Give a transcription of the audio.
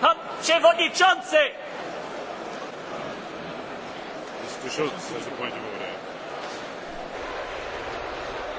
Pan przewodniczący! Jest tu szósty, że pani mówię.